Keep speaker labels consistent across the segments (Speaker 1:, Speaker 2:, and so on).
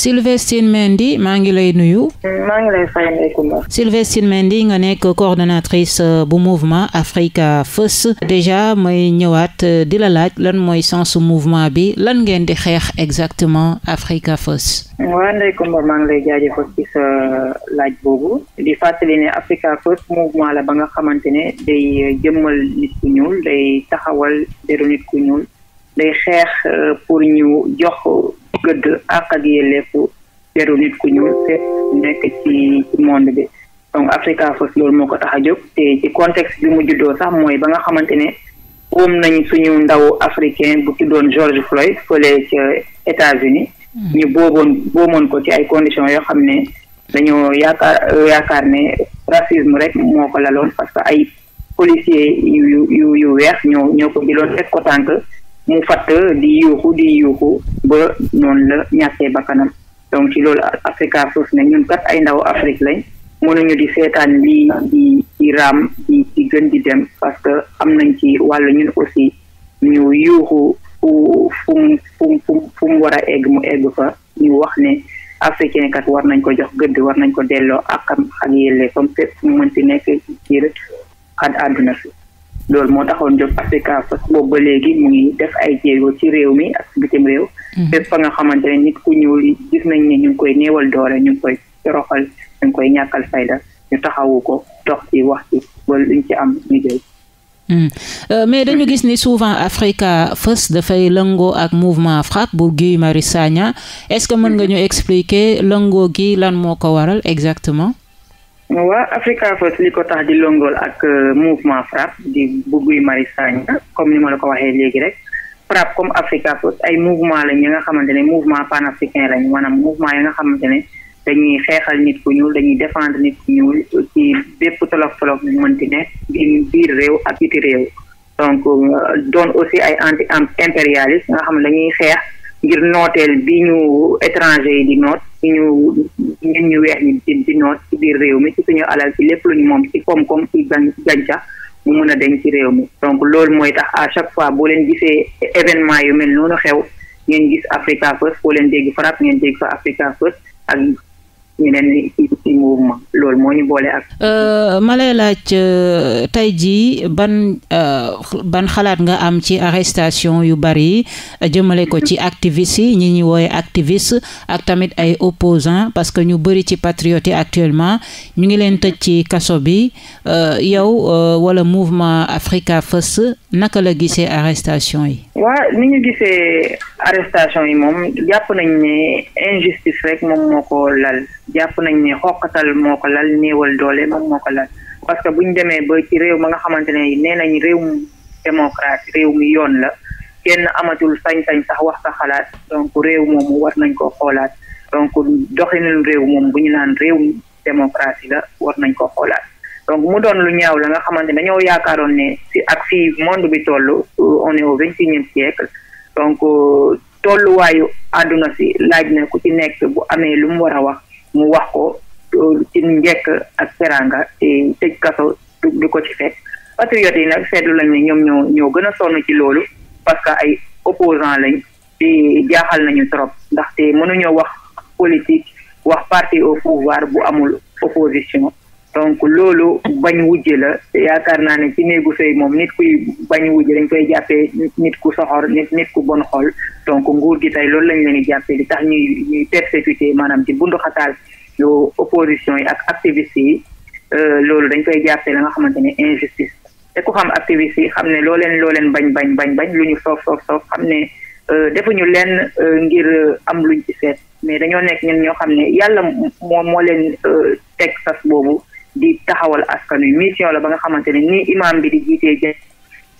Speaker 1: Sylvestine Mendy maa ngi lay nuyu. maa ngi lay fay Sylvestine Mendy nga nekk coordonnatrice euh, bu mouvement Africa First déjà may ñëwaat euh, di la laaj lan mooy sens mouvement bi lan ngeen di xeex exactement Africa First.
Speaker 2: waa Ndeye Comba euh, laaj boobu fàttali ne Africa mouvement la ba nga xamante ne day jëmmal nit ku ñuul day taxawal deru nit ku ñuul. day xeex euh, pour ñu jox gëdd ak ak yelleefu deru nit ku ñuul te nekk ci monde bi donc Africa First loolu moo ko tax a jóg te ci contexte bi mu juddoo sax mooy ba nga xamante ne oom nañ suñu ndaw africain bu tuddoon George Floyd fële ci États-Unis hmm. ñu booboon booboon ko ci ay conditions yoo xam ne dañoo yaakaar yaakaar ne racisme rek moo ko laloon parce que ay policiers yu yu yu weex ñoo ñoo ko jëloon teg ko tànk mu fatt di yuuxu di yuuxu ba ñoon la ñàkkee bakkanam donc ci loolu Africa suuf ne ñun kat ay ndaw Afrique lañ mënuñu di seetaan lii di raam di di gën di dem parce que am nañ ci wàllu ñun aussi ñu yuuxu fu fu mu fu mu fu mu war a egg mu egg fa ñu wax ne africain kat war nañ ko jox gëdd war nañ ko delloo ak ak yellee comme fépp mu mënti nekk ci biir àdduna fi loolu moo taxoon jóg Africa First boobu ba léegi mu def ay jéego ci réew mi ak bitim réew mhm. fépp fa nga xamante nit ku ñuul gis nañ ne ñu ngi koy néewal doole ñu ngi koy toroxal ñu ngi koy ñàkkal fayda ñu taxawu ko dox ci wax ci ba luñ ci am
Speaker 1: hmm. euh, mais dañu gis ni souvent Africa fës dafay lëngoo ak mouvement FRAPP bu Guy Marius Sagna est-ce que mën nga ñu expliquer lëngoo gi lan moo ko waral exactement
Speaker 2: waa Africa First li ko tax di longool ak euh, mouvement FRAPP di bu Guy Marius comme ni ma la ko waxee léegi rek FRAPP comme Africa First ay mouvement lañ yi nga xamante ne mouvement panafricain lañ maanaam mouvement yi nga xamante ne dañuy xeexal nit ku ñuul dañuy défendre nit ku ñuul ci bépp tolof tolof bu mënti ne biir réew ak biti réew donc euh, doon aussi ay anti impérialiste nga xam lañuy xeex ngir nooteel bi ñu étranger yi di noot ñu ñun ñu weex ñi ci di noot ci biir réew mi ci suñu alal ci lépp lu ñu moom ci koom-koom ci gàncax mu mun a deñ ci réew mi donc loolu mooy tax à chaque fois boo leen gisee événement yu mel noonu xew ngeen gis Africa First boo leen dégg FRAPP ngeen dégg fa Africa First ak ñu leen di ci ci
Speaker 1: euh, laaj euh, tey jii ban euh, ban xalaat nga am ci arrestation yu bari jëmale ko ci activistes yi ñi ñuy wooye activiste ak tamit ay opposants parce que ñu bari ci patriotes yi actuellement ñu ngi leen tëj ci kaso bi yow wala mouvement Africa First naka la gisee arrestation yi.
Speaker 2: wa ni ñu gisee arrestation yi moom jàpp nañ ne injustice rek moom moo ko lal jàpp nañ ne xoqatal moo ko lal néewal doole moom moo ko lal parce que bu ñu demee ba ci réew ma nga xamante ne nee nañ réew mu réew mi yoon la kenn amatul sañ-sañ sax wax sa xalaat donc réew moomu war nañ ko xoolaat donc doxinul réew moom bu ñu naan réew démocratie la war nañ ko xoolaat donc mu doon lu ñaaw la nga xamante dañoo yaakaaroon ne si ab fi monde bi toll euh, on est au vingt et unième siècle donc euh, tolluwaayu àdduna si laaj na ku ci nekk bu amee lu mu war a wax mu wax ko euh, ci njekk ak teranga te kaso du ko ci fekk patriotes yi nag seetlu lañ ne ñoom ñoo ñoo gën a sonn ci loolu parce que ay opposant lañ te jaaxal nañu trop ndaxte mënuñoo wax politique wax parti au pouvoir bu amul opposition donc loolu bañ wujje la yaakaar naa ne ci néegu sëy moom nit kuy bañ wujj dañ koy jàppee nit ku soxor nit nit ku bon xool donc nguur gi tey loolu lañ leen di jàppee li tax ñuy ñuy persécuté maanaam ci bundu xataal yu opposition yi ak activiste yi euh, loolu dañ koy jàppee la nga xamante ne injustice teku ku xam activiste yi xam ne loo leen loo leen bañ bañ bañ bañ lu ñu soof soof soof xam ne euh, defuñu leen euh, ngir am luñ ci seet mais dañoo nekk ñoo xam ne yàlla moo moo leen teg sas boobu di taxawal askan wi mission la ba nga xamante ne ni imam bi di jiitee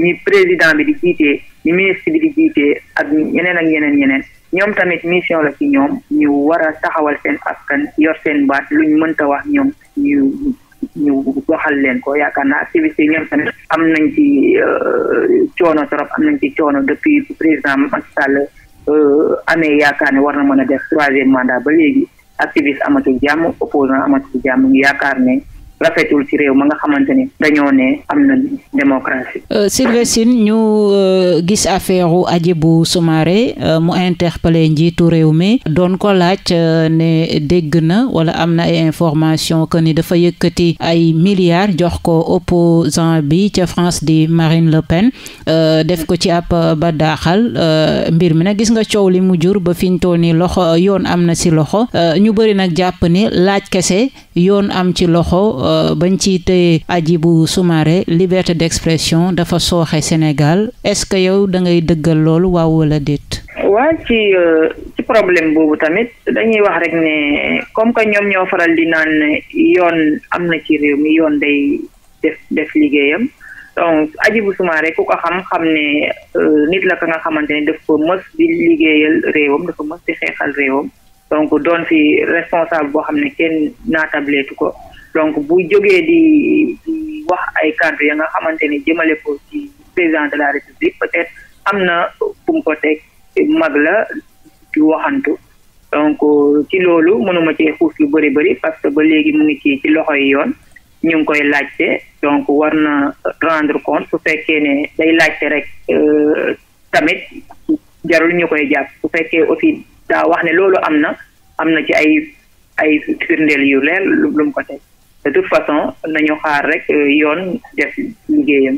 Speaker 2: ni président bi di jiitee ni ministre bi di jiitee ak ñeneen ak ñeneen ñeneen ñoom tamit mission la ci ñoom ñu war a taxawal seen askan yor seen baat lu ñu mënta wax ñoom ñu ñu waxal leen ko yaakaar naa activité yi ñoom tamit am nañ ci euh, coono trop am nañ ci coono depuis président Macky Sall euh, amee yaakaar ne war na mën a def troisième mandat ba léegi activiste amatul jàmm opposant amatul jàmm yaakaar ne rafetul ci réew ma nga xamante dañoo ne am na démocratie.
Speaker 1: Euh, Sylvie ñu euh, gis affaire u Hadjibou Soumaré euh, mu interpellé njiitu réew mi doon ko laaj ne dégg na wala am na ay information que ni dafa yëkkati ay milliards jox ko opposant bi ca France di Marine Le Pen def ko ci ab badaaxal mbir mi na gis nga coow li mu jur ba fi ñu nii loxo yoon am na si loxo ñu bëri nag jàpp ni laaj kese yoon am ci loxo euh, bañ ci téye Hadjibou Soumaré liberté d'expression dafa sooxe Sénégal est-ce que yow da ngay dëggal loolu waaw wala déet.
Speaker 2: waa ci euh, ci problème boobu tamit dañuy wax rek ne comme que ñoom ñoo faral di naan yoon am na ci réew mi yoon day def def liggéeyam donc Hadjibou Soumaré ku ko xam xam ne euh, nit la ka nga xamante ne daf ko mës di liggéeyal réewam dafa mës di xeexal réewam. donc doon fi responsable boo xam ne kenn naatableetu ko donc bu jógee di di wax ay kàddu ya nga xamante ni jëmale ko ci président de la république peut-être am na fu teg mag la di waxantu donc ci loolu mënuma cee xuus lu bëri bëri parce que ba léegi mu ngi ci ci loxoy yoon ñu ngi koy laajte donc war na rendre compte su fekkee ne day laajte rek euh, tamit jarul ñu koy jàpp su fekkee aussi daa wax ne loolu am na am na ci ay ay firndeel yu leer lu mu ko teg de toute façon nañu xaar rek euh, yoon def liggéeyam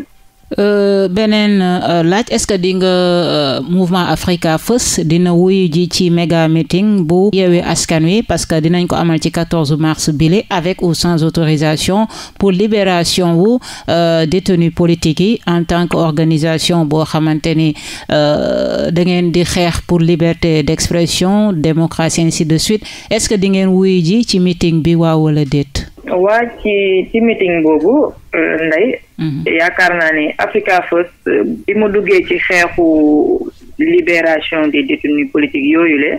Speaker 1: Euh, beneen euh, laaj est-ce que di nga euh, mouvement Africa First dina wuy ji ci méga meeting bu Yewwi Askan Wi parce que dinañ ko amal ci 14 mars bile avec ou sans autorisation pour libération wu détenus politiques yi en tant que organisation boo xamante ni da ngeen di xeex pour liberté d'expression démocratie ainsi de suite est-ce que di ngeen wuyu ji ci meeting bi waaw wala déet.
Speaker 2: waa ci ci meeting boobu Ndeye. Mm-hmm. yaakaar naa ne Africa First bi ma duggee ci xeexu libération des détenus politiques yooyu le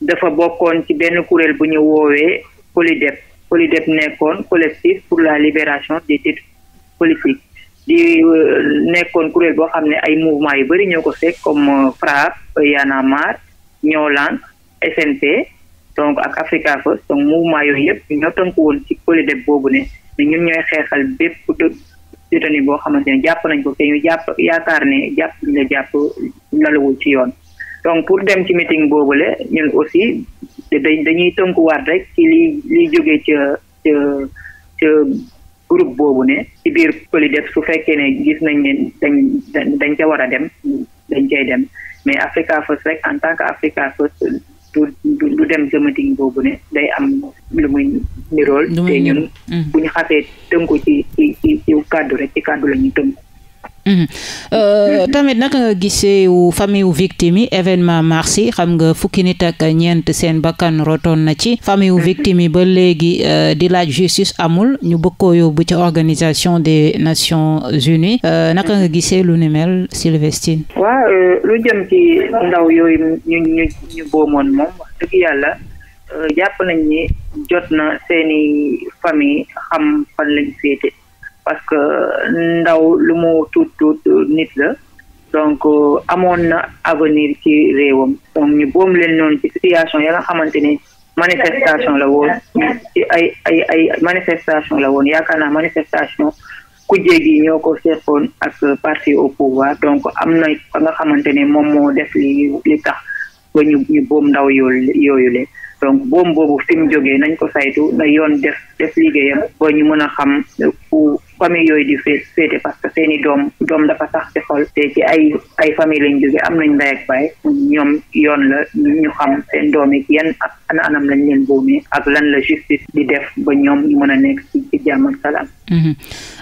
Speaker 2: dafa bokkoon ci benn kuréel bu ñëw woowee Polydep Polydep nekkoon collectif pour la libération des détenus politiques di euh, nekkoon kuréel boo xam ne ay mouvement yu bëri ñëw ko fekk comme euh, FRAPP Y'en a SNP donc ak Africa First donc mouvement yooyu yëpp ñoo tënku woon ci Polydep boobu ne ñun ñooy xeexal bépp litanie boo xamante ne jàpp nañ ko te jàpp yaakaar ne jàpp la jàpp laluwul ci yoon donc pour dem ci meeting boobule ñun aussi dañuy tënkuwaat rek ci li liy jógee ca ca ca groupe boobu ne ci biir Polydef su fekkee ne gis nañ ne dañ dañ ca war a dem dañ cay dem mais Africa First rek en tant que Africa First du dem ca meeting boobu ne day am lu muy nirool te ñun mm-hmm. bu ñu tënku ci ci ci ci rek ci kàddu la tënku
Speaker 1: mm-hmm. euh, tamit naka nga gisee wu famille wu victime yi événement mars yi xam nga fukki nit ñeent seen bakkan rotoon na ci famille wu mm-hmm. victime yi ba léegi euh, di laaj justice amul ñu bëgg koo yóbbu ci organisation des nations unies euh, naka nga gisee lu ni mel Sylvestine
Speaker 2: waaw lu jëm ci ndaw yooyu ñu ñu boomoon moom wax yàlla jàpp nañ ni jot na seeni famille xam fan lañ féete parce que ndaw lu mu tuut nit la donc euh, amoon na avenir ci réewam donc ñu boom leen noonu ci situation ya nga xamante ni manifestation la woon ci ay ay ay manifestation la woon yaakaar naa manifestation kujje gi ñoo ko seqoon ak parti au pouvoir donc am na fa nga xamante ne moom moo def li li tax ba ñu ñu boom ndaw yooyu yooyu leen donc boom boobu fi mu jógee nañ ko saytu na yoon def def liggéeyam ba ñu mën a xam ku famille yooyu di féete parce que seen i doom doom dafa sax ci xol te ci ay famille lañ jóge am nañ la ñu xam seen doom yi yan ak ana anam lañ leen boomee ak la justice di def ba ñoom ñu mën a nekk ci jàmm salaam
Speaker 1: mhm.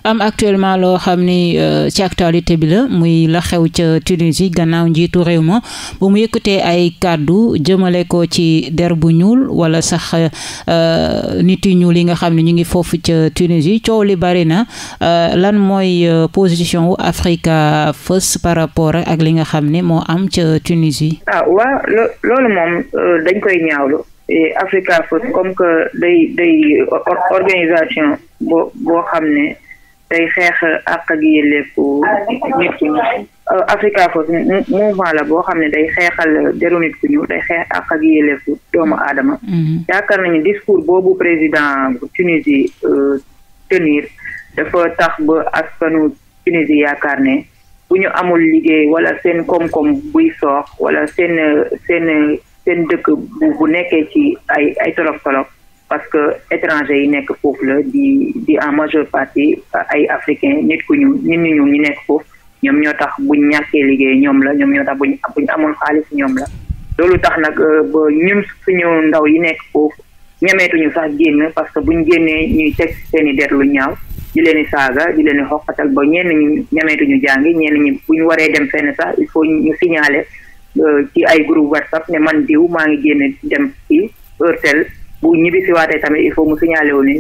Speaker 1: am actuellement loo xam ni euh, ci actualité bi la muy la xew ca Tunisie gannaaw njiitu réew ma bu mu yëkkatee ay kàddu jëmale ko ci der bu ñuul wala sax euh, nit yu ñuul yi nga xam ne ñu ngi foofu ca Tunisie coow li bari Euh, lan mooy euh, position wu Africa fës par rapport ak li nga xam ni moo am ca Tunisie.
Speaker 2: ah waaw loolu moom euh, dañ koy ñaawlu Africa First comme que day day organisation boo xam ne day xeex àq ak yelleefu nit ku ñuul Africa First mouvement la boo xam ne day xeexal deru nit ku ñuul day xeex àq ak yelleefu doomu aadama mm-hmm. yaakaar nañu discours boobu président Tunisie tenir dafa tax ba askanu Tunisie yaakaar ne bu ñu amul liggéey wala seen koom-koom buy soox wala seen seen seen dëkk bu bu nekkee ci ay ay tolof tolof parce que étranger yi nekk foofu la di di en majeure partie ay africain nit ku ñu nit ñu ñu nekk foofu ñoom ñoo tax buñ ñàkkee liggéey ñoom la ñoom ñoo tax buñ buñ amul xaalis ñoom la loolu tax nag euh, ba ñun suñu ndaw yi nekk foofu ñameetuñu sax génn parce que buñ génnee ñuy teg seen i der lu ñaaw di leen di saaga di leen di xoqatal ba ñenn ñi ñu jàngi ñenn ñi bu ñu waree dem fenn sax il faut ñu signaler euh, ci ay groupe whatsapp ne man diw maa ngi génne dem ci heurtel bu si waatee tamit il faut mu signaler wu ne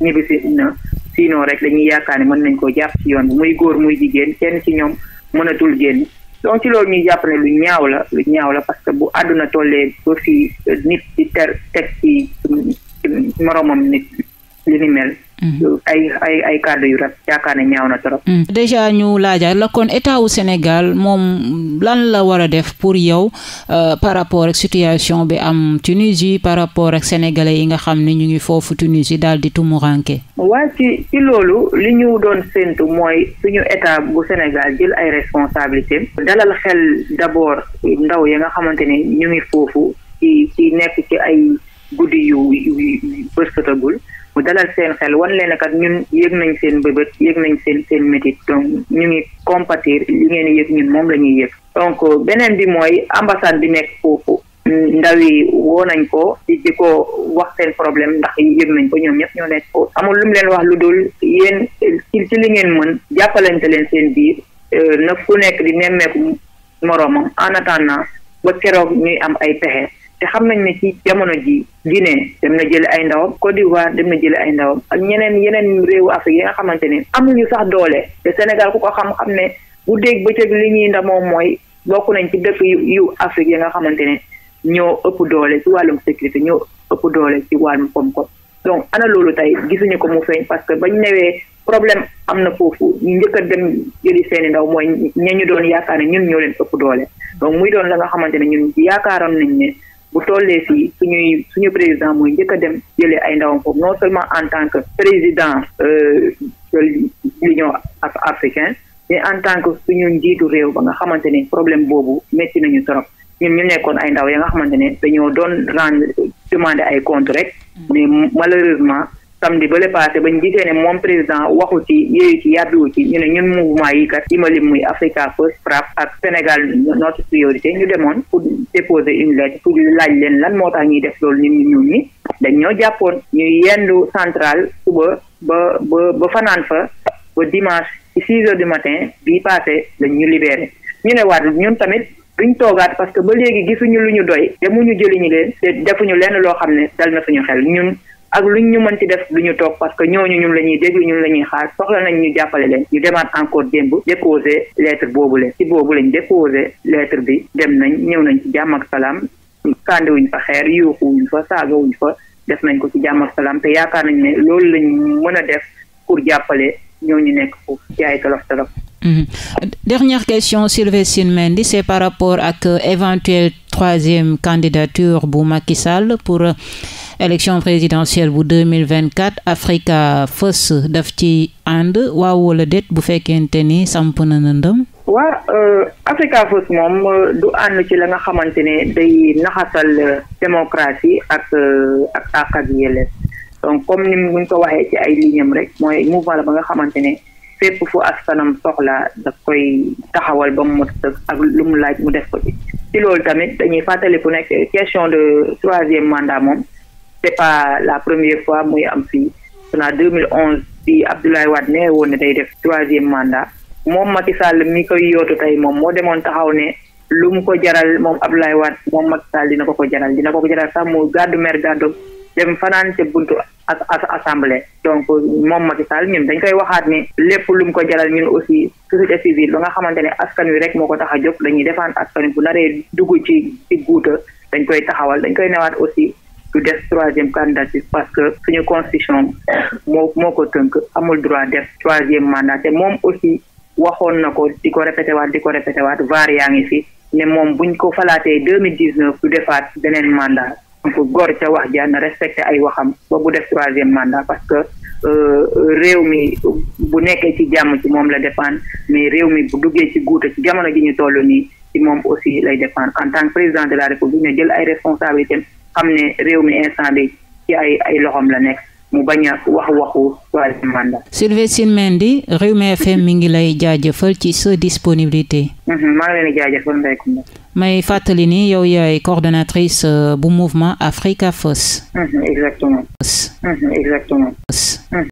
Speaker 2: ñibbisi na sinon rek la ñuy yaakaar ne mën nañ koo jàpp ci yoon muy góor muy jigéen kenn ci ñoom mënatul génn donc ci loolu ñuy jàpp ne lu ñaaw la lu ñaaw la parce que bu àdduna tollee ba fii nit di ter teg ci mm, mm, moromam nit li ni mel Mm-hmm. ay ay ay kàddu yu rafet yaakaar ne ñaaw na trop. Mm.
Speaker 1: déjà ñu laajaat la kon état wu Sénégal moom lan la war a def pour yow euh, par rapport ak situation bi am Tunisie par rapport ak sénégalais yi nga xam ne ñu ngi foofu Tunisie daal di tumuranke.
Speaker 2: waa ci ci loolu li ñu doon séntu mooy suñu état bu Sénégal jël ay responsabilités dalal xel d'abord ndaw ya nga xamante ne ñu ngi foofu ci ci nekk ci ay guddi yu yu bërsëtagul mu dalal seen xel wan leen ñun yëg nañ seen bëbët yëg nañ seen seen métit donc ñu ngi compatir li ngeen yëg ñun moom la ñuy yëg donc beneen bi mooy ambassade bi nekk foofu ndaw yi woo nañ ko di ci ko wax seen problème ndax yëg nañ ko ñoom ñëpp ñoo nekk ko amul lu mu leen wax lu dul yéen ci ci li ngeen mën jàppalante leen seen biir euh, na ku nekk di nemmeeku moromam en attendant ba keroog ñuy am ay pexe te xam nañ ne ci jamono ji Guinée dem na jëli ay ndawam Côte d'Ivoire dem na jëli ay ndawam ak ñeneen yeneen réewu Afrique yi nga xamante ne amuñu sax doole te Sénégal ku ko xam xam ne bu dégg bëccëg li ñuy ndamoo mooy bokk nañ ci dëkk yu yu Afrique yi nga xamante ne ñoo ëpp doole ci wàllum sécurité ñoo ëpp doole ci wàllum koom-koom donc ana loolu tey gisuñu ko mu feeñ parce que bañ newee problème am na foofu ñu njëkk a dem jëli seeni ndaw mooy ña ñu doon yaakaar ne ñun ñoo leen ëpp doole donc muy doon la xamante ne ñun yaakaaroon nañ bu tollee fii suñuy suñu président mooy njëkk a dem jëlee ay ndawam foofu non seulement en tant que président euh, de l'Union africaine mais en tant que suñu njiitu réew ba nga xamante ne problème boobu métti ñu trop ñun ñu nekkoon ay ndaw ya nga xamante ne dañoo doon rendre demander ay compte rek mm. mais malheureusement samedi ba le passé bañ gisee ne moom président waxu ci yooyu ci yàbbiwu ci ñu ne ñun mouvement yi kat yi ma lim muy Africa First FRAPP ak Sénégal notre priorité ñu demoon pour déposer une lettre pour laaj leen lan moo tax ñuy def loolu ñu ñi ñun ñi dañ ñoo jàppoon ñu yendu central suba ba ba ba fanaan fa ba dimanche ci six heures du matin bii passé lañ ñu libéré ñu ne waat ñun tamit duñ toogaat parce que ba léegi gisuñu lu ñu doy demuñu jëliñu leen te defuñu lenn loo xam ne dal na suñu xel ñun ak luñ ñu mën ci def lu ñu toog parce que ñooñu ñun la ñuy déglu ñun la ñuy xaar soxla nañ ñu jàppale leen ñu demaat encore démb déposé lettre boobu leen ci boobu lañ déposé lettre bi dem nañ ñëw nañ ci jàmm ak salaam kàndiwuñ fa xeer yuuxuwuñ fa saagawuñ fa def nañ ko ci jàmm ak salaam te yaakaar nañ ne loolu lañu mën a def pour jàppale ñooñu nekk foofu ci ay tolof tolof Mmh.
Speaker 1: Dernière question Sylvestine Mendy c'est par rapport ak euh, éventuelle troisième candidature bu Macky Sall pour euh, élection présidentielle bu 2024 Africa First def ci ànd waaw wala déet bu fekkente ni samp na na ndëm
Speaker 2: waa euh, Africa First moom euh, du ànd ci la nga xamante ne day naxasal euh, démocratie ak ak àq ak yelleef donc comme ni mu ko waxee ci ay lignam rek mooy mouvement la ba nga xamante ne fépp fu askanam soxla daf koy taxawal ba mu mot ak lu mu laaj mu def ko ci ci loolu tamit dañuy fàttali ku nekk question de troisième mandat moom c'est la première fois muy am fii xanaa 2011 bi Abdoulaye Wade ne woon ne day def troisième manda moom Macky Sall mi koy yootu tey moom moo demoon taxaw ne lu mu ko jaral moom Abdoulaye Wade moom Macky Sall dina ko ko jaral dina ko ko jaral sax mu gàddu mer gàddu dem fanaan ca buntu assemblée donc moom Macky Sall ñun dañ koy waxaat ne lépp lu mu ko jaral ñun aussi société civile ba nga xamante ne askan wi rek moo ko tax a jóg dañuy defaan askan wi bu naree dugg ci ci dañ koy taxawal dañ koy newaat aussi du def troisième candidature parce que suñu constitution moo moo ko tënk amul droit def troisième mandat te moom aussi waxoon na ko di ko répété waat di ko répété waat vaar yaa ngi fi ne moom buñ ko falaatee deux mille dix neuf du defaat beneen mandat donc góor ca wax ja na respecté ay waxam ba bu def troisième mandat parce que euh, réew mi bu nekkee ci jàmm ci moom la dépendre mais réew mi bu duggee ci guute ci jamono ji ñu toll nii ci moom aussi lay dépendre en tant que président de jël ay responsabilités xam ne réew mi instant bi ci ay loxom la nekk mu bañ a wax waxu troisième mandat.
Speaker 1: Sylvestine Mendy Rewmi FM mi ngi lay jaajëfal ci sa disponibilité.
Speaker 2: Mhm,
Speaker 1: may fàttali ni yow yaay coordonnatrice euh, bu mouvement Africa First. Mhm, exactement. Mhm, exactement.